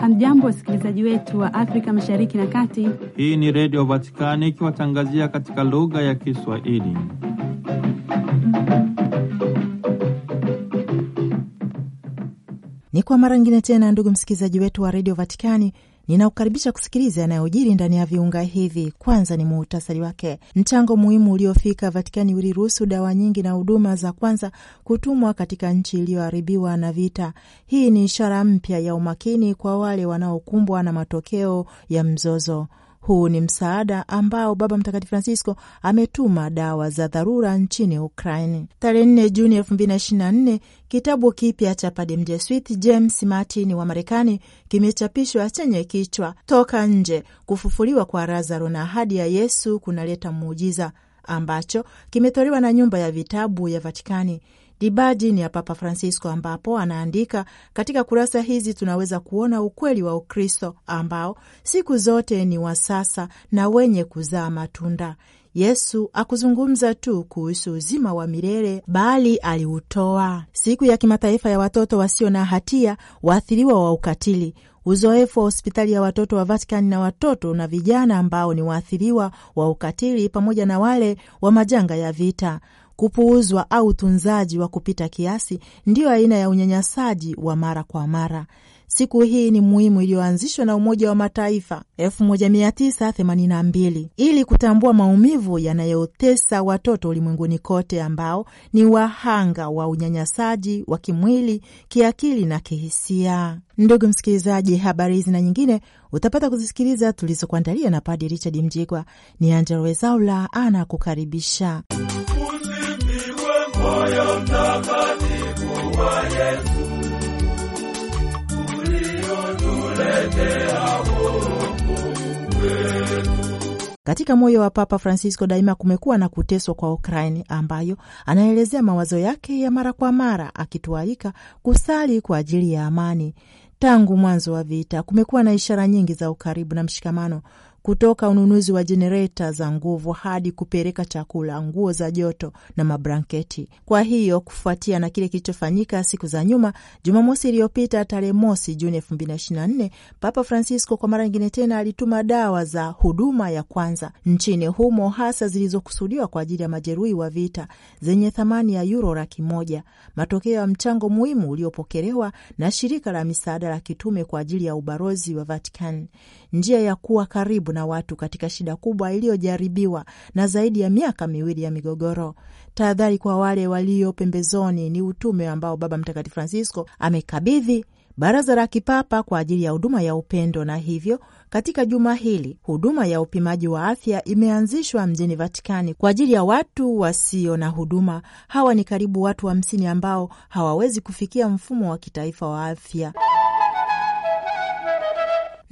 Hamjambo, wasikilizaji wetu wa Afrika mashariki na kati. Hii ni Redio Vatikani ikiwatangazia katika lugha ya Kiswahili. Ni kwa mara ngine tena, ndugu msikilizaji wetu wa Redio Vatikani, Ninakukaribisha kusikiliza yanayojiri ndani ya viunga hivi. Kwanza ni muhutasari wake. Mchango muhimu uliofika Vatikani uliruhusu dawa nyingi na huduma za kwanza kutumwa katika nchi iliyoharibiwa na vita. Hii ni ishara mpya ya umakini kwa wale wanaokumbwa na matokeo ya mzozo. Huu ni msaada ambao Baba Mtakatifu Francisco ametuma dawa za dharura nchini Ukraini. Tarehe 4 Juni nne kitabu kipya cha Padre Mjesuiti James Martin wa Marekani kimechapishwa chenye kichwa Toka Nje, kufufuliwa kwa Lazaro na ahadi ya Yesu kunaleta muujiza ambacho kimetolewa na nyumba ya vitabu ya Vatikani Dibaji ni ya Papa Francisco, ambapo anaandika katika kurasa hizi tunaweza kuona ukweli wa Ukristo ambao siku zote ni wa sasa na wenye kuzaa matunda. Yesu akuzungumza tu kuhusu uzima wa milele bali aliutoa. Siku ya kimataifa ya watoto wasio na hatia, waathiriwa wa ukatili Uzoefu wa hospitali ya watoto wa Vatikani na watoto na vijana ambao ni waathiriwa wa ukatili pamoja na wale wa majanga ya vita, Kupuuzwa au utunzaji wa kupita kiasi ndiyo aina ya unyanyasaji wa mara kwa mara. Siku hii ni muhimu iliyoanzishwa na Umoja wa Mataifa 1982 ili kutambua maumivu yanayotesa watoto ulimwenguni kote ambao ni wahanga wa unyanyasaji wa kimwili, kiakili na kihisia. Ndugu msikilizaji, habari hizi na nyingine utapata kuzisikiliza tulizokuandalia na Padi Richard Mjigwa. Ni Angella Rwezaula anakukaribisha moyo mtakatifu wa Yesu uliotuletea Katika moyo wa Papa Francisco daima kumekuwa na kuteswa kwa Ukraini, ambayo anaelezea mawazo yake ya mara kwa mara, akitualika kusali kwa ajili ya amani. Tangu mwanzo wa vita kumekuwa na ishara nyingi za ukaribu na mshikamano kutoka ununuzi wa jenereta za nguvu hadi kupeleka chakula, nguo za joto na mablanketi. Kwa hiyo kufuatia na kile kilichofanyika siku za nyuma, Jumamosi iliyopita tarehe mosi Juni elfu mbili na ishirini na nne, Papa Francisco kwa mara nyingine tena alituma dawa za huduma ya kwanza nchini humo, hasa zilizokusudiwa kwa ajili ya majeruhi wa vita zenye thamani ya yuro laki moja, matokeo ya mchango muhimu uliopokelewa na shirika la misaada la kitume kwa ajili ya ubarozi wa Vatican njia ya kuwa karibu na watu katika shida kubwa iliyojaribiwa na zaidi ya miaka miwili ya migogoro. Tahadhari kwa wale walio pembezoni ni utume ambao Baba Mtakatifu Francisco amekabidhi Baraza la Kipapa kwa ajili ya huduma ya upendo, na hivyo katika juma hili huduma ya upimaji wa afya imeanzishwa mjini Vatikani kwa ajili ya watu wasio na huduma. Hawa ni karibu watu hamsini wa ambao hawawezi kufikia mfumo wa kitaifa wa afya.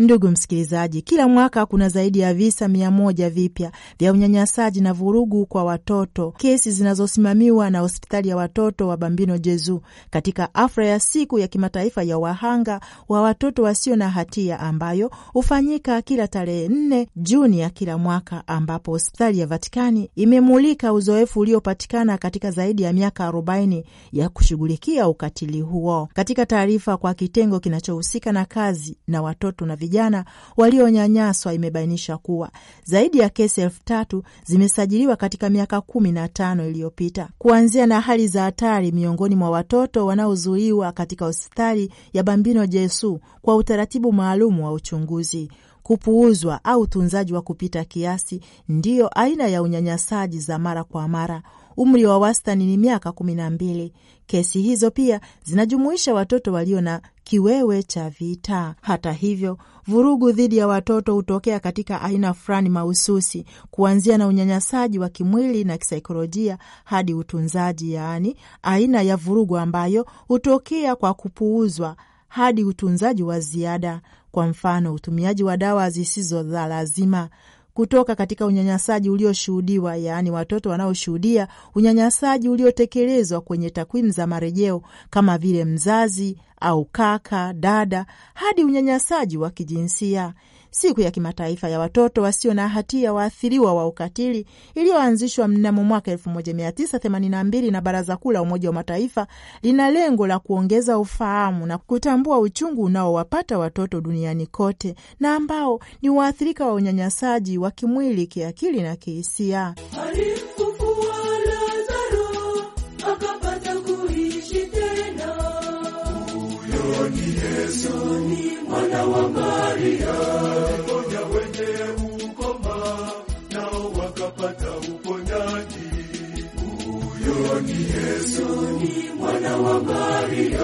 Ndugu msikilizaji, kila mwaka kuna zaidi ya visa mia moja vipya vya unyanyasaji na vurugu kwa watoto, kesi zinazosimamiwa na hospitali ya watoto wa Bambino Jezu katika afra ya siku ya kimataifa ya wahanga wa watoto wasio na hatia ambayo hufanyika kila tarehe nne Juni ya kila mwaka, ambapo hospitali ya Vatikani imemulika uzoefu uliopatikana katika zaidi ya miaka arobaini ya kushughulikia ukatili huo. Katika taarifa kwa kitengo kinachohusika na kazi na watoto na vijana walionyanyaswa imebainisha kuwa zaidi ya kesi elfu tatu zimesajiliwa katika miaka kumi na tano iliyopita, kuanzia na hali za hatari miongoni mwa watoto wanaozuiwa katika hospitali ya Bambino Jesu kwa utaratibu maalum wa uchunguzi kupuuzwa au utunzaji wa kupita kiasi ndiyo aina ya unyanyasaji za mara kwa mara Umri wa wastani ni miaka kumi na mbili. Kesi hizo pia zinajumuisha watoto walio na kiwewe cha vita. Hata hivyo, vurugu dhidi ya watoto hutokea katika aina fulani mahususi, kuanzia na unyanyasaji wa kimwili na kisaikolojia hadi utunzaji, yaani aina ya vurugu ambayo hutokea kwa kupuuzwa hadi utunzaji wa ziada, kwa mfano utumiaji wa dawa zisizo za lazima, kutoka katika unyanyasaji ulioshuhudiwa, yaani watoto wanaoshuhudia unyanyasaji uliotekelezwa kwenye takwimu za marejeo kama vile mzazi au kaka dada, hadi unyanyasaji wa kijinsia siku ya kimataifa ya watoto wasio na hatia waathiriwa wa ukatili iliyoanzishwa mnamo mwaka 1982 na Baraza Kuu la Umoja wa Mataifa lina lengo la kuongeza ufahamu na kutambua uchungu unaowapata watoto duniani kote na ambao ni waathirika wa unyanyasaji wa kimwili, kiakili na kihisia. Yesu ni wa Maria aliponya wenye ukoma, nao wakapata uponyaji. Huyo ni Yesu, ni mwana wa Maria.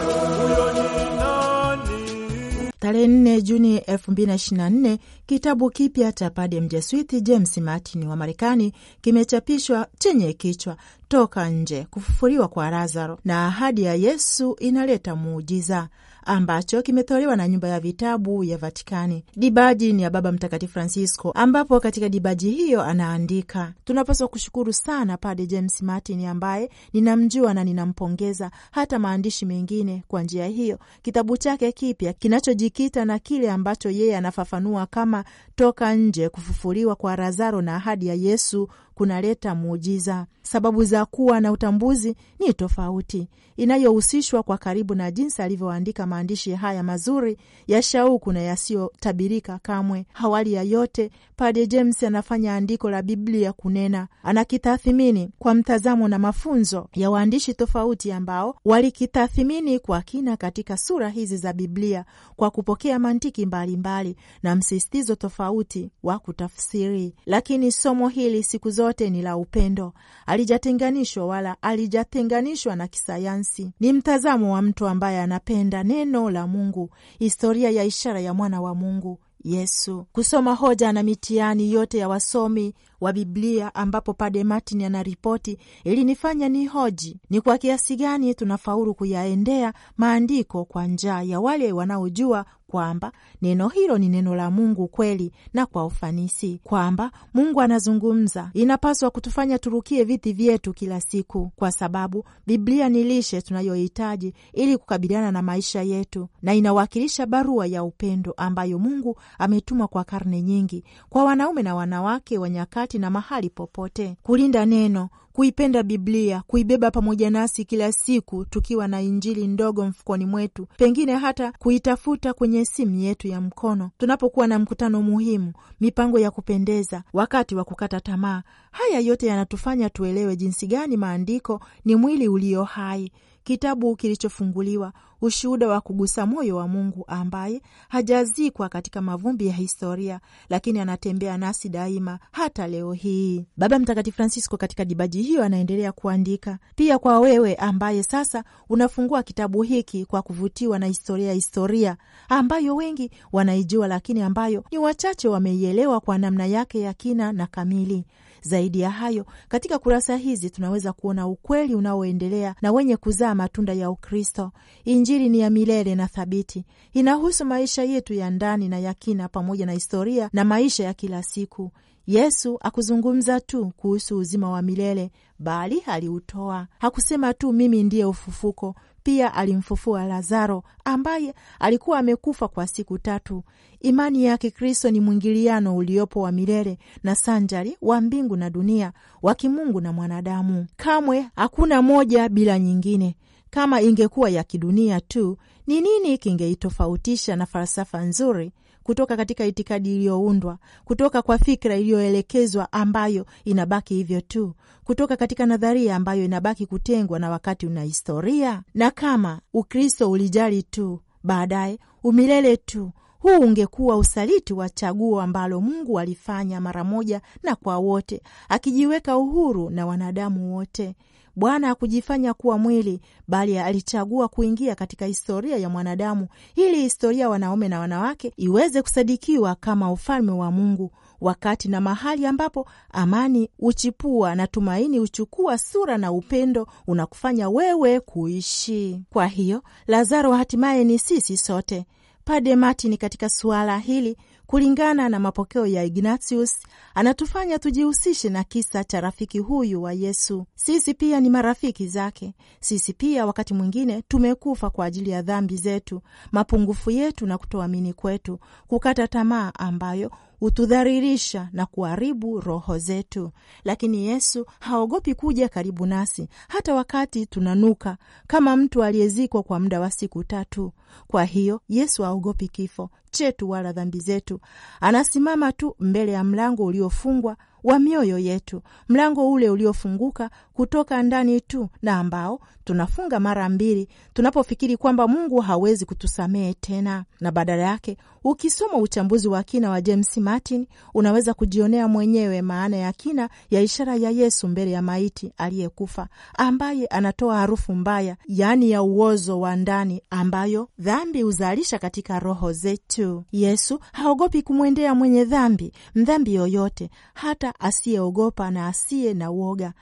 Tarehe 4 Juni 2024 kitabu kipya cha padre mjeswiti James Martin wa Marekani kimechapishwa chenye kichwa Toka Nje, kufufuliwa kwa Lazaro na ahadi ya Yesu inaleta muujiza ambacho kimetolewa na nyumba ya vitabu ya Vatikani. Dibaji ni ya Baba Mtakatifu Francisco, ambapo katika dibaji hiyo anaandika: tunapaswa kushukuru sana Padre James Martin ambaye ninamjua na ninampongeza hata maandishi mengine. Kwa njia hiyo kitabu chake kipya kinachojikita na kile ambacho yeye anafafanua kama toka nje, kufufuliwa kwa Lazaro na ahadi ya Yesu kunaleta muujiza. Sababu za kuwa na utambuzi ni tofauti, inayohusishwa kwa karibu na jinsi alivyoandika maandishi haya mazuri ya shauku na yasiyotabirika kamwe. Awali ya yote, Padre James anafanya andiko la Biblia kunena, anakitathimini kwa mtazamo na mafunzo ya waandishi tofauti ambao walikitathimini kwa kina katika sura hizi za Biblia kwa kupokea mantiki mbalimbali mbali na msisitizo tofauti wa kutafsiri, lakini somo hili siku zote zote ni la upendo, alijatenganishwa wala alijatenganishwa na kisayansi. Ni mtazamo wa mtu ambaye anapenda neno la Mungu, historia ya ishara ya mwana wa Mungu Yesu, kusoma hoja na mitihani yote ya wasomi wa Biblia ambapo Pade Martin anaripoti, ilinifanya ni hoji ni kwa kiasi gani tunafaulu kuyaendea maandiko kwa njaa ya wale wanaojua kwamba neno hilo ni neno la Mungu kweli na kwa ufanisi, kwamba Mungu anazungumza. Inapaswa kutufanya turukie viti vyetu kila siku, kwa sababu Biblia ni lishe tunayohitaji ili kukabiliana na maisha yetu, na inawakilisha barua ya upendo ambayo Mungu ametuma kwa karne nyingi kwa wanaume na wanawake wa nyakati wakati na mahali popote. Kulinda neno, kuipenda Biblia, kuibeba pamoja nasi kila siku, tukiwa na injili ndogo mfukoni mwetu, pengine hata kuitafuta kwenye simu yetu ya mkono tunapokuwa na mkutano muhimu, mipango ya kupendeza, wakati wa kukata tamaa. Haya yote yanatufanya tuelewe jinsi gani maandiko ni mwili ulio hai kitabu kilichofunguliwa, ushuhuda wa kugusa moyo wa Mungu ambaye hajazikwa katika mavumbi ya historia, lakini anatembea nasi daima hata leo hii. Baba Mtakatifu Francisco katika dibaji hiyo anaendelea kuandika pia kwa wewe ambaye sasa unafungua kitabu hiki kwa kuvutiwa na historia ya historia ambayo wengi wanaijua, lakini ambayo ni wachache wameielewa kwa namna yake ya kina na kamili. Zaidi ya hayo, katika kurasa hizi tunaweza kuona ukweli unaoendelea na wenye kuzaa matunda ya Ukristo. Injili ni ya milele na thabiti, inahusu maisha yetu ya ndani na ya kina, pamoja na historia na maisha ya kila siku. Yesu akuzungumza tu kuhusu uzima wa milele bali aliutoa. Hakusema tu mimi ndiye ufufuko, pia alimfufua Lazaro ambaye alikuwa amekufa kwa siku tatu. Imani ya Kikristo ni mwingiliano uliopo wa milele na sanjari wa mbingu na dunia, wa kimungu na mwanadamu. Kamwe hakuna moja bila nyingine. Kama ingekuwa ya kidunia tu, ni nini kingeitofautisha na falsafa nzuri kutoka katika itikadi iliyoundwa, kutoka kwa fikra iliyoelekezwa ambayo inabaki hivyo tu, kutoka katika nadharia ambayo inabaki kutengwa na wakati una historia. Na kama Ukristo ulijali tu baadaye umilele tu, huu ungekuwa usaliti wa chaguo ambalo Mungu alifanya mara moja na kwa wote, akijiweka uhuru na wanadamu wote. Bwana hakujifanya kuwa mwili, bali alichagua kuingia katika historia ya mwanadamu, ili historia wanaume na wanawake iweze kusadikiwa kama ufalme wa Mungu, wakati na mahali ambapo amani huchipua na tumaini huchukua sura na upendo unakufanya wewe kuishi. Kwa hiyo Lazaro hatimaye ni sisi sote. Pade Martin katika suala hili kulingana na mapokeo ya Ignatius, anatufanya tujihusishe na kisa cha rafiki huyu wa Yesu. Sisi pia ni marafiki zake. Sisi pia wakati mwingine tumekufa kwa ajili ya dhambi zetu, mapungufu yetu na kutoamini kwetu, kukata tamaa ambayo hutudharirisha na kuharibu roho zetu, lakini Yesu haogopi kuja karibu nasi hata wakati tunanuka kama mtu aliyezikwa kwa muda wa siku tatu. Kwa hiyo Yesu haogopi kifo chetu wala dhambi zetu. Anasimama tu mbele ya mlango uliofungwa wa mioyo yetu, mlango ule uliofunguka kutoka ndani tu na ambao tunafunga mara mbili tunapofikiri kwamba Mungu hawezi kutusamehe tena. Na badala yake, ukisoma uchambuzi wa kina wa James Martin unaweza kujionea mwenyewe maana ya kina ya ishara ya Yesu mbele ya maiti aliyekufa, ambaye anatoa harufu mbaya, yaani ya uozo wa ndani ambayo dhambi huzalisha katika roho zetu. Yesu haogopi kumwendea mwenye dhambi, mdhambi yoyote, hata asiyeogopa na asiye na uoga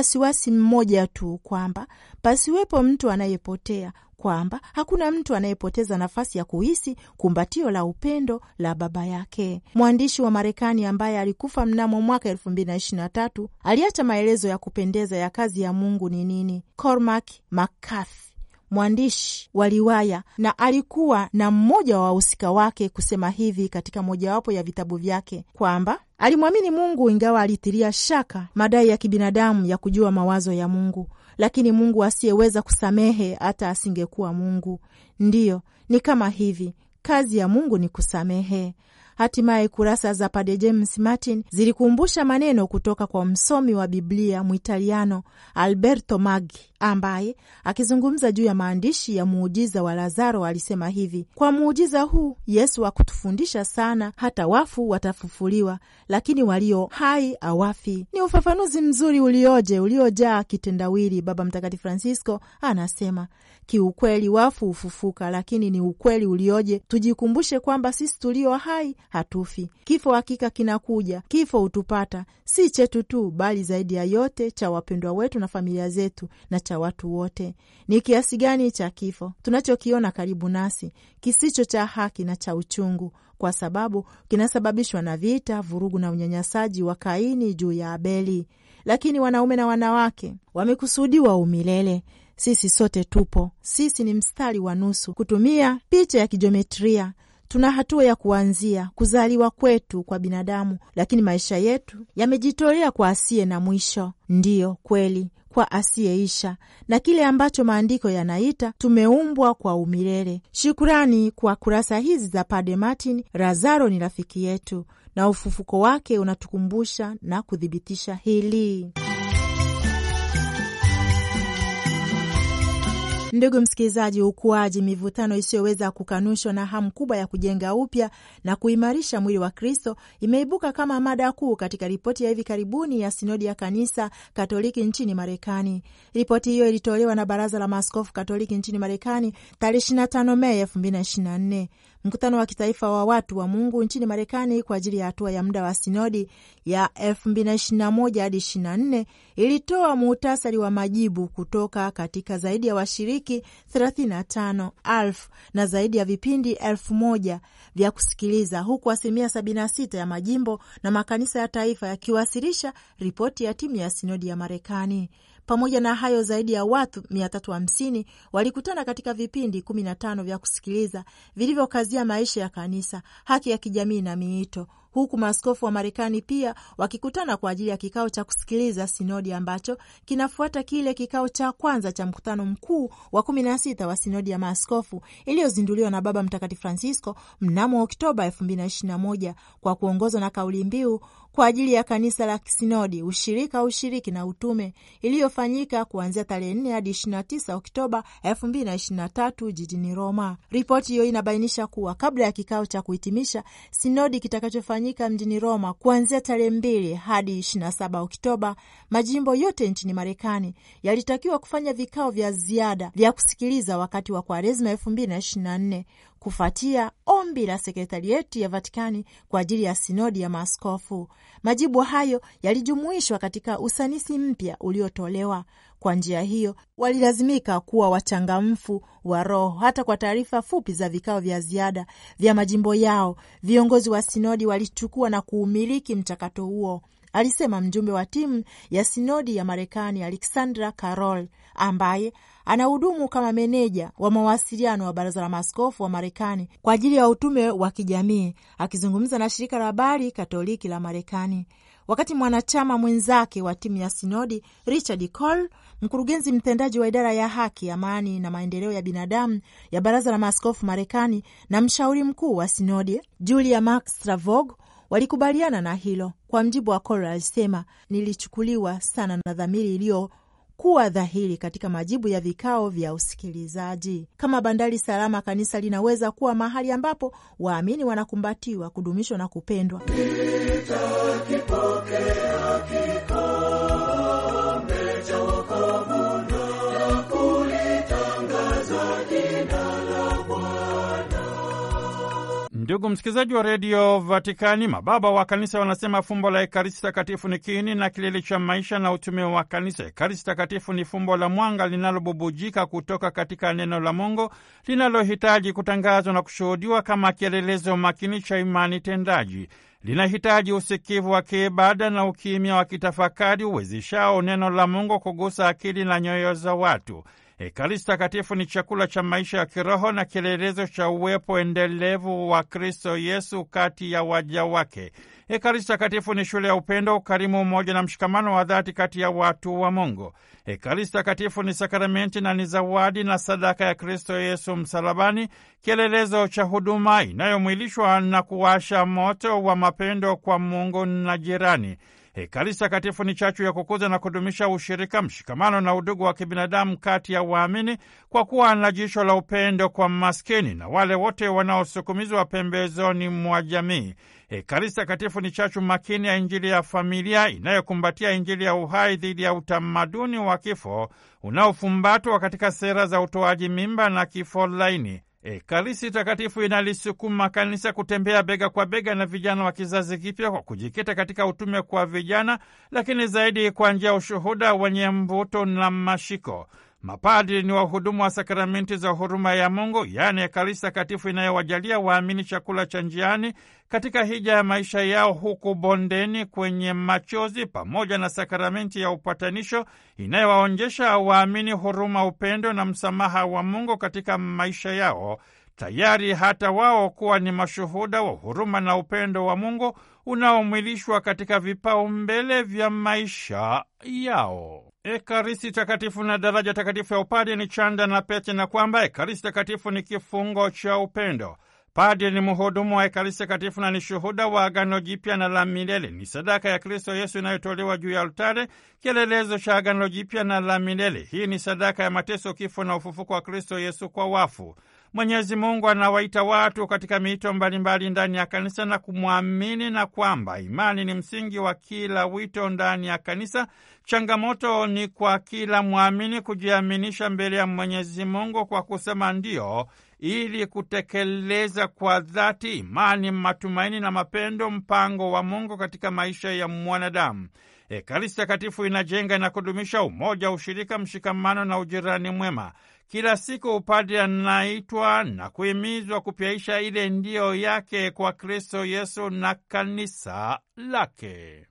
wasiwasi mmoja tu kwamba pasiwepo mtu anayepotea, kwamba hakuna mtu anayepoteza nafasi ya kuhisi kumbatio la upendo la baba yake. Mwandishi wa Marekani ambaye alikufa mnamo mwaka 2023 aliacha maelezo ya kupendeza ya kazi ya Mungu ni nini. Cormac McCarthy mwandishi wa riwaya na alikuwa na mmoja wa wahusika wake kusema hivi katika mojawapo ya vitabu vyake kwamba alimwamini Mungu ingawa alitilia shaka madai ya kibinadamu ya kujua mawazo ya Mungu, lakini Mungu asiyeweza kusamehe hata asingekuwa Mungu. Ndiyo, ni kama hivi, kazi ya Mungu ni kusamehe. Hatimaye kurasa za pade James Martin zilikumbusha maneno kutoka kwa msomi wa Biblia Mwitaliano Alberto Maggi ambaye akizungumza juu ya maandishi ya muujiza wa Lazaro alisema hivi: kwa muujiza huu Yesu hakutufundisha sana, hata wafu watafufuliwa, lakini walio hai awafi. Ni ufafanuzi mzuri ulioje, uliojaa kitendawili. Baba Mtakatifu Francisco anasema kiukweli, wafu hufufuka, lakini ni ukweli ulioje! Tujikumbushe kwamba sisi tulio hai hatufi. Kifo hakika kinakuja, kifo hutupata, si chetu tu, bali zaidi ya yote cha wapendwa wetu na familia zetu na cha watu wote. Ni kiasi gani cha kifo tunachokiona karibu nasi, kisicho cha haki na cha uchungu, kwa sababu kinasababishwa na vita, vurugu na unyanyasaji wa Kaini juu ya Abeli. Lakini wanaume na wanawake wamekusudiwa umilele. Sisi sote tupo, sisi ni mstari wa nusu. Kutumia picha ya kijiometria, tuna hatua ya kuanzia kuzaliwa kwetu kwa binadamu, lakini maisha yetu yamejitolea kwa asiye na mwisho. Ndiyo kweli, kwa asiyeisha na kile ambacho maandiko yanaita tumeumbwa kwa umilele. Shukurani kwa kurasa hizi za pade Martin Lazaro ni rafiki yetu, na ufufuko wake unatukumbusha na kuthibitisha hili. Ndugu msikilizaji, ukuaji, mivutano isiyoweza kukanushwa na hamu kubwa ya kujenga upya na kuimarisha mwili wa Kristo imeibuka kama mada kuu katika ripoti ya hivi karibuni ya sinodi ya kanisa Katoliki nchini Marekani. Ripoti hiyo ilitolewa na Baraza la Maaskofu Katoliki nchini Marekani tarehe 25 Mei 2024 mkutano wa kitaifa wa watu wa Mungu nchini Marekani kwa ajili ya hatua ya muda wa sinodi ya 2021 hadi 24 ilitoa muhtasari wa majibu kutoka katika zaidi ya washiriki 35,000 na zaidi ya vipindi 1,000 vya kusikiliza, huku asilimia 76 ya majimbo na makanisa ya taifa yakiwasilisha ripoti ya timu ya sinodi ya Marekani. Pamoja na hayo, zaidi ya watu 350 walikutana katika vipindi 15 vya kusikiliza vilivyokazia maisha ya kanisa, haki ya kijamii na miito huku maaskofu wa Marekani pia wakikutana kwa ajili ya kikao cha kusikiliza sinodi ambacho kinafuata kile kikao cha kwanza cha mkutano mkuu wa kumi na sita wa sinodi ya maaskofu iliyozinduliwa na Baba Mtakatifu Francisco mnamo Oktoba 221 kwa kuongozwa na kauli mbiu kwa ajili ya kanisa la kisinodi ushirika ushiriki na utume iliyofanyika kuanzia tarehe 4 hadi 29 Oktoba 2023 jijini Roma. Ripoti hiyo inabainisha kuwa kabla ya kikao cha kuhitimisha sinodi kitakachofanyika mjini Roma kuanzia tarehe 2 hadi 27 Oktoba, majimbo yote nchini Marekani yalitakiwa kufanya vikao vya ziada vya kusikiliza wakati wa Kwaresma 2024 kufuatia ombi la sekretarieti ya Vatikani kwa ajili ya sinodi ya maaskofu. Majibu hayo yalijumuishwa katika usanisi mpya uliotolewa. Kwa njia hiyo, walilazimika kuwa wachangamfu wa roho. Hata kwa taarifa fupi za vikao vya ziada vya majimbo yao, viongozi wa sinodi walichukua na kuumiliki mchakato huo, alisema mjumbe wa timu ya sinodi ya Marekani Alexandra Carol, ambaye Anahudumu kama meneja wa mawasiliano wa baraza la maaskofu wa Marekani kwa ajili ya utume wa kijamii, akizungumza na shirika la habari Katoliki la Marekani. Wakati mwanachama mwenzake wa timu ya sinodi Richard Cole, mkurugenzi mtendaji wa idara ya haki, amani na maendeleo ya binadamu ya baraza la maaskofu Marekani na mshauri mkuu wa sinodi Julia mak stravog walikubaliana na hilo. Kwa mjibu wa Cole, alisema nilichukuliwa sana na dhamiri iliyo kuwa dhahiri katika majibu ya vikao vya usikilizaji. Kama bandari salama, kanisa linaweza kuwa mahali ambapo waamini wanakumbatiwa, kudumishwa na kupendwa. Nitakipokea Ndugu msikilizaji wa redio Vatikani, mababa wa kanisa wanasema fumbo la Ekaristi Takatifu ni kiini na kilele cha maisha na utume wa kanisa. Ekaristi Takatifu ni fumbo la mwanga linalobubujika kutoka katika neno la Mungu linalohitaji kutangazwa na kushuhudiwa kama kielelezo makini cha imani tendaji. Linahitaji usikivu wa kiibada na ukimya wa kitafakari uwezeshao neno la Mungu kugusa akili na nyoyo za watu. Ekaristi takatifu ni chakula cha maisha ya kiroho na kielelezo cha uwepo endelevu wa Kristo Yesu kati ya waja wake. Ekaristi takatifu ni shule ya upendo, ukarimu, umoja na mshikamano wa dhati kati ya watu wa Mungu. Ekaristi takatifu ni sakramenti na ni zawadi na sadaka ya Kristo Yesu msalabani, kielelezo cha huduma inayomwilishwa na kuwasha moto wa mapendo kwa Mungu na jirani. Ekaristi eh, Takatifu ni chachu ya kukuza na kudumisha ushirika, mshikamano na udugu wa kibinadamu kati ya waamini, kwa kuwa na jicho la upendo kwa maskini na wale wote wanaosukumizwa pembezoni mwa jamii. Ekaristi eh, Takatifu ni chachu makini ya Injili ya familia inayokumbatia Injili ya uhai dhidi ya utamaduni wa kifo unaofumbatwa katika sera za utoaji mimba na kifo laini. Ekaristi Takatifu inalisukuma kanisa kutembea bega kwa bega na vijana wa kizazi kipya kwa kujikita katika utume kwa vijana, lakini zaidi kwa njia ya ushuhuda wenye mvuto na mashiko. Mapadri ni wahudumu wa sakramenti za huruma ya Mungu, yaani Ekaristi Takatifu inayowajalia waamini chakula cha njiani katika hija ya maisha yao huku bondeni, kwenye machozi, pamoja na sakramenti ya upatanisho inayowaonjesha waamini huruma, upendo na msamaha wa Mungu katika maisha yao, tayari hata wao kuwa ni mashuhuda wa huruma na upendo wa Mungu unaomwilishwa katika vipaumbele vya maisha yao. Ekaristi takatifu na daraja takatifu ya upadi ni chanda na pete, na kwamba Ekaristi takatifu ni kifungo cha upendo. padi ni mhudumu wa Ekaristi takatifu na ni shuhuda wa Agano Jipya na la milele. Ni sadaka ya Kristo Yesu inayotolewa juu ya altare, kielelezo cha Agano Jipya na la milele. Hii ni sadaka ya mateso, kifo na ufufuko wa Kristo Yesu kwa wafu. Mwenyezi Mungu anawaita watu katika miito mbalimbali ndani ya kanisa na kumwamini na kwamba imani ni msingi wa kila wito ndani ya kanisa. Changamoto ni kwa kila mwamini kujiaminisha mbele ya Mwenyezi Mungu kwa kusema ndiyo, ili kutekeleza kwa dhati imani, matumaini na mapendo, mpango wa Mungu katika maisha ya mwanadamu. Ekaristi Takatifu inajenga na kudumisha umoja, ushirika, mshikamano na ujirani mwema. Kila siku upadre anaitwa na kuhimizwa kupyaisha ile ndio yake kwa Kristo Yesu na kanisa lake.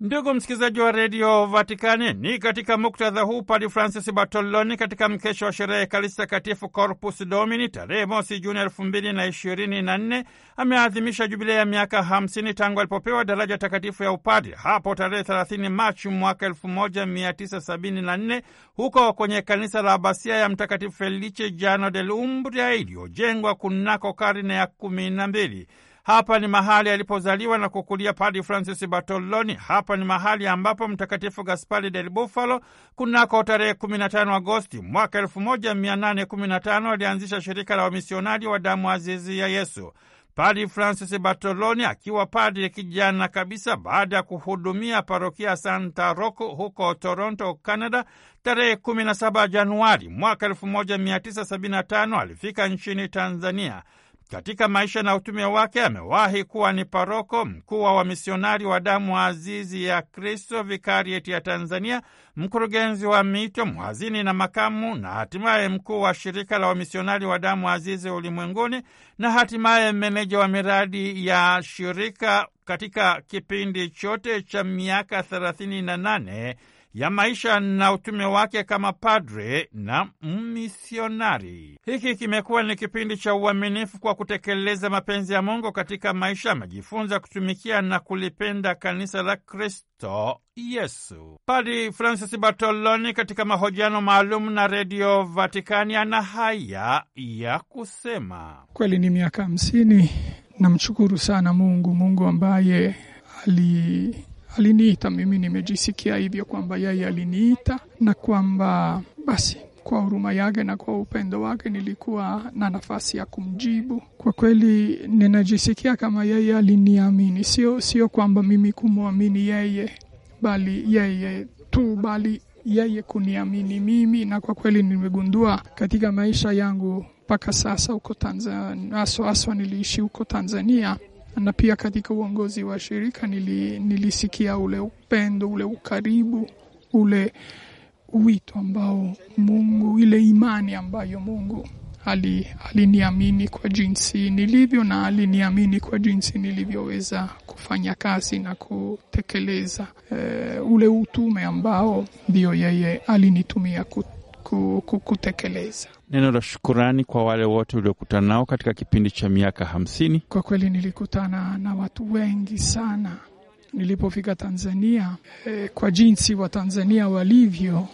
Ndugu msikilizaji wa redio Vatikani, ni katika muktadha huu Padi Francis Bartoloni katika mkesho wa sherehe ya Ekaristi Takatifu Corpus Domini tarehe mosi Juni elfu mbili na ishirini na nne ameadhimisha jubilia ya miaka hamsini tangu alipopewa daraja takatifu ya upadi hapo tarehe 30 Machi mwaka 1974 huko kwenye kanisa la abasia ya Mtakatifu Felice Jano del Umbria iliyojengwa kunako karne ya kumi na mbili. Hapa ni mahali alipozaliwa na kukulia Padi Francis Bartoloni. Hapa ni mahali ambapo Mtakatifu Gaspari del Bufalo kunako tarehe 15 Agosti mwaka 1815 alianzisha shirika la wamisionari wa damu azizi ya Yesu. Padi Francis Bartoloni akiwa padi kijana kabisa, baada ya kuhudumia parokia Santa Rocco huko Toronto, Canada, tarehe 17 Januari mwaka 1975 alifika nchini Tanzania. Katika maisha na utume wake amewahi kuwa ni paroko mkuu wa wamisionari wa damu azizi ya Kristo, vikarieti ya Tanzania, mkurugenzi wa mito, mhazini na makamu, na hatimaye mkuu wa shirika la wamisionari wa damu azizi ulimwenguni, na hatimaye meneja wa miradi ya shirika katika kipindi chote cha miaka na nane ya maisha na utume wake kama padre na mmisionari. Hiki kimekuwa ni kipindi cha uaminifu kwa kutekeleza mapenzi ya Mungu katika maisha, amejifunza kutumikia na kulipenda kanisa la Kristo Yesu. Padi Francis Bartoloni katika mahojiano maalum na Redio Vatikani ana haya ya kusema: kweli ni miaka hamsini, namshukuru sana Mungu, Mungu ambaye ali aliniita mimi nimejisikia hivyo kwamba yeye aliniita na kwamba basi kwa huruma yake na kwa upendo wake nilikuwa na nafasi ya kumjibu. Kwa kweli ninajisikia kama yeye aliniamini, sio sio kwamba mimi kumwamini yeye, bali yeye tu, bali yeye kuniamini mimi. Na kwa kweli nimegundua katika maisha yangu mpaka sasa huko Tanzania, aswa aswa niliishi huko Tanzania na pia katika uongozi wa shirika nili, nilisikia ule upendo, ule ukaribu, ule wito ambao Mungu, ile imani ambayo Mungu aliniamini ali kwa jinsi nilivyo na aliniamini kwa jinsi nilivyoweza kufanya kazi na kutekeleza e, ule utume ambao ndio yeye alinitumia kut kutekeleza. Neno la shukurani kwa wale wote uliokutana nao katika kipindi cha miaka hamsini. Kwa kweli nilikutana na watu wengi sana nilipofika Tanzania. E, kwa jinsi Watanzania walivyo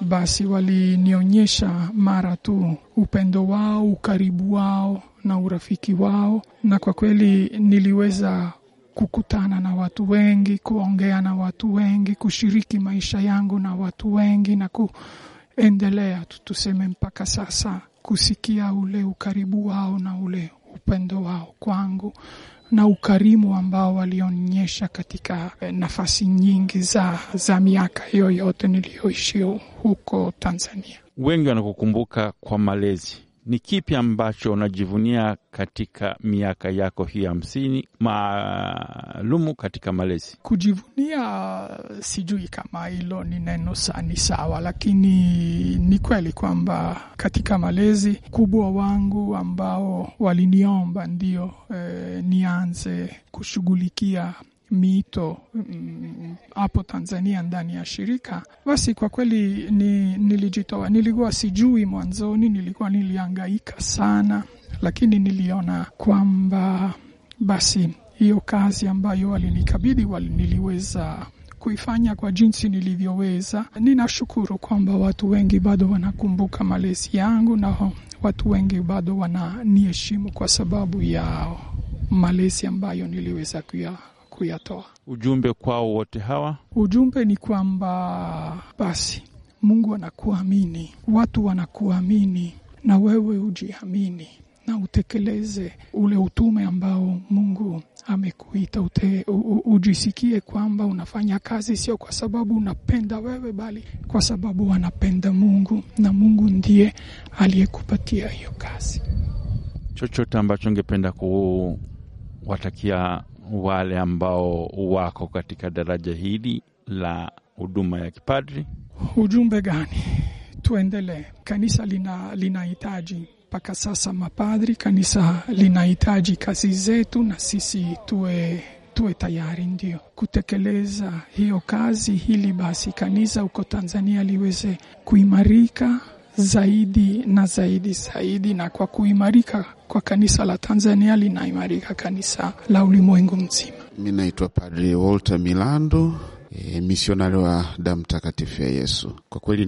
basi walinionyesha mara tu upendo wao, ukaribu wao na urafiki wao, na kwa kweli niliweza kukutana na watu wengi, kuongea na watu wengi, kushiriki maisha yangu na watu wengi na ku endelea tuseme mpaka sasa kusikia ule ukaribu wao na ule upendo wao kwangu na ukarimu ambao walionyesha katika eh, nafasi nyingi za, za miaka hiyo yote niliyoishi huko Tanzania. Wengi wanakukumbuka kwa malezi ni kipi ambacho unajivunia katika miaka yako hii hamsini maalumu katika malezi? Kujivunia, sijui kama hilo ni neno sani sawa, lakini ni kweli kwamba katika malezi kubwa wangu ambao waliniomba ndio eh, nianze kushughulikia miito mm, hapo mm, Tanzania ndani ya shirika basi, kwa kweli ni, nilijitoa. Nilikuwa sijui mwanzoni, nilikuwa niliangaika sana, lakini niliona kwamba basi hiyo kazi ambayo walinikabidhi wali niliweza kuifanya kwa jinsi nilivyoweza. Ninashukuru kwamba watu wengi bado wanakumbuka malezi yangu na watu wengi bado wananiheshimu kwa sababu ya malezi ambayo niliweza kuya kuyatoa. Ujumbe kwao wote hawa, ujumbe ni kwamba basi Mungu anakuamini, watu wanakuamini, na wewe ujiamini na utekeleze ule utume ambao Mungu amekuita ute, u, ujisikie kwamba unafanya kazi sio kwa sababu unapenda wewe, bali kwa sababu wanapenda Mungu na Mungu ndiye aliyekupatia hiyo kazi. Chochote ambacho ungependa kuwatakia wale ambao wako katika daraja hili la huduma ya kipadri. Ujumbe gani? Tuendelee, kanisa linahitaji lina mpaka sasa mapadri, kanisa linahitaji kazi zetu, na sisi tuwe tuwe tayari ndio kutekeleza hiyo kazi, ili basi kanisa huko Tanzania liweze kuimarika zaidi na zaidi zaidi, na kwa kuimarika kwa kanisa la Tanzania linaimarika kanisa la ulimwengu mzima. Mi naitwa Padre Walter Milando, e, misionari wa damu takatifu ya Yesu. Kwa kweli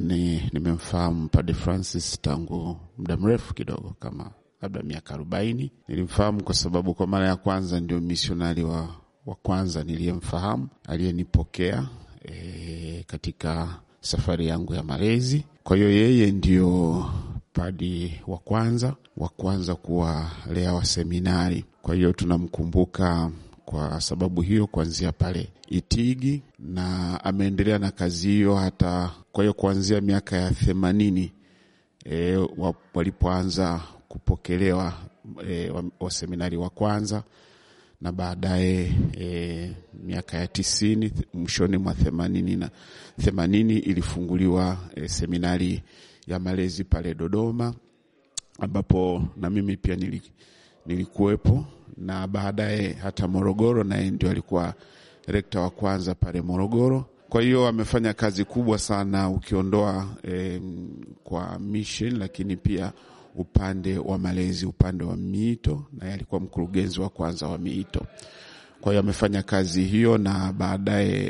nimemfahamu ni Padre Francis tangu muda mrefu kidogo, kama labda miaka arobaini. Nilimfahamu kwa sababu kwa mara ya kwanza ndio misionari wa, wa kwanza niliyemfahamu aliyenipokea e, katika safari yangu ya malezi kwa hiyo yeye ndio padi wa kwanza wa kwanza kuwalea waseminari. Kwa hiyo tunamkumbuka kwa sababu hiyo kuanzia pale Itigi, na ameendelea na kazi hiyo hata kwa hiyo kuanzia miaka ya themanini e, walipoanza kupokelewa e, waseminari wa kwanza na baadaye e, miaka ya tisini mwishoni mwa themanini na themanini ilifunguliwa e, seminari ya malezi pale Dodoma ambapo na mimi pia nilikuwepo na baadaye hata Morogoro, naye ndio alikuwa rekta wa kwanza pale Morogoro. Kwa hiyo amefanya kazi kubwa sana ukiondoa e, kwa mission, lakini pia upande wa malezi, upande wa miito, na alikuwa mkurugenzi wa kwanza wa miito. Kwa hiyo amefanya kazi hiyo na baadaye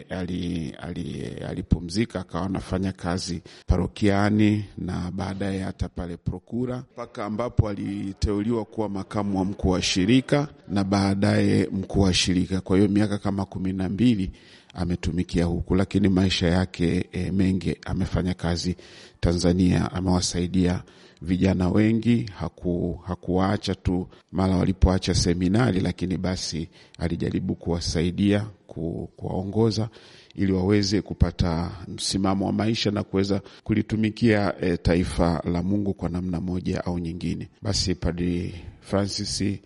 alipumzika, ali, ali akawa anafanya kazi parokiani na baadaye hata pale prokura mpaka ambapo aliteuliwa kuwa makamu wa mkuu wa shirika na baadaye mkuu wa shirika. Kwa hiyo miaka kama kumi na mbili ametumikia huku, lakini maisha yake e, mengi amefanya kazi Tanzania, amewasaidia vijana wengi haku, hakuwaacha tu mara walipoacha seminari, lakini basi alijaribu kuwasaidia ku, kuwaongoza ili waweze kupata msimamo wa maisha na kuweza kulitumikia e, taifa la Mungu kwa namna moja au nyingine. Basi Padri Francis e,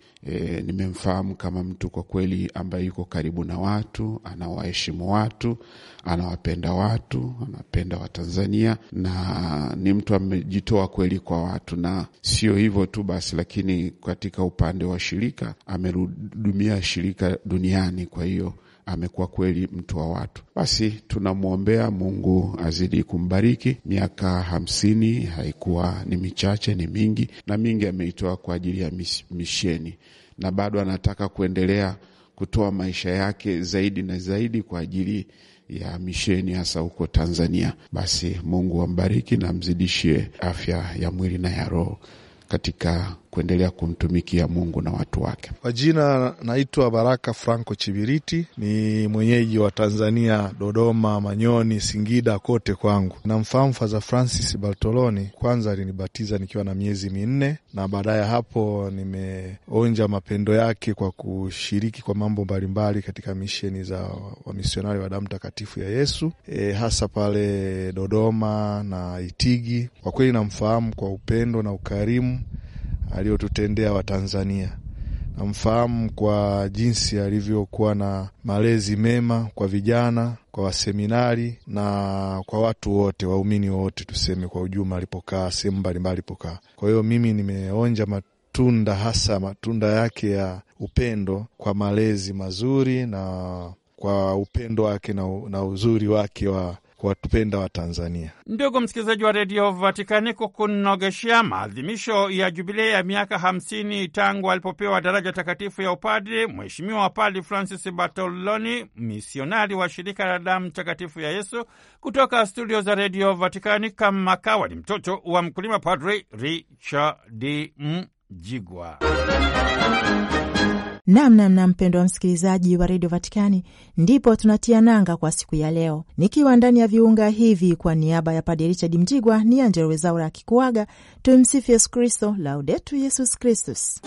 nimemfahamu kama mtu kwa kweli ambaye yuko karibu na watu, anawaheshimu watu, anawapenda watu, anapenda Watanzania na ni mtu amejitoa kweli kwa watu, na sio hivyo tu basi, lakini katika upande wa shirika amerudumia shirika duniani, kwa hiyo amekuwa kweli mtu wa watu. Basi tunamwombea Mungu azidi kumbariki. Miaka hamsini haikuwa ni michache, ni mingi, na mingi ameitoa kwa ajili ya misheni, na bado anataka kuendelea kutoa maisha yake zaidi na zaidi kwa ajili ya misheni hasa huko Tanzania. Basi Mungu ambariki na mzidishie afya ya mwili na ya roho katika kuendelea kumtumikia Mungu na watu wake. Kwa jina naitwa Baraka Franco Chibiriti, ni mwenyeji wa Tanzania, Dodoma, Manyoni, Singida, kote kwangu. Namfahamu Faza Francis Bartoloni, kwanza alinibatiza nikiwa na miezi minne, na baadaye hapo nimeonja mapendo yake kwa kushiriki kwa mambo mbalimbali katika misheni za wamisionari wa, wa damu takatifu ya Yesu e, hasa pale Dodoma na Itigi. Kwa kweli namfahamu kwa upendo na ukarimu aliyotutendea Watanzania. Namfahamu kwa jinsi alivyokuwa na malezi mema kwa vijana, kwa waseminari na kwa watu wote, waumini wote tuseme kwa ujumla, alipokaa sehemu mbalimbali alipokaa. Kwa hiyo mimi nimeonja matunda, hasa matunda yake ya upendo kwa malezi mazuri na kwa upendo wake na, na uzuri wake wa kwa wa Tanzania. Ndugu msikilizaji wa redio Vatikani, kukunogeshea maadhimisho ya jubilei ya miaka hamsini tangu alipopewa daraja takatifu ya upadri, Mheshimiwa Padri Francis Bartoloni, misionari wa shirika la damu takatifu ya Yesu, kutoka studio za redio Vatikani, kama kawa ni mtoto wa mkulima, Padri Richard Mjigwa Namnamna mpendo wa msikilizaji wa redio Vatikani, ndipo tunatia nanga kwa siku ya leo, nikiwa ndani ya viunga hivi kwa niaba ya Padre Richard Mjigwa ni Angella Rwezaura akikuaga. Tumsifu Yesu Kristo, Laudetu Yesus Kristus.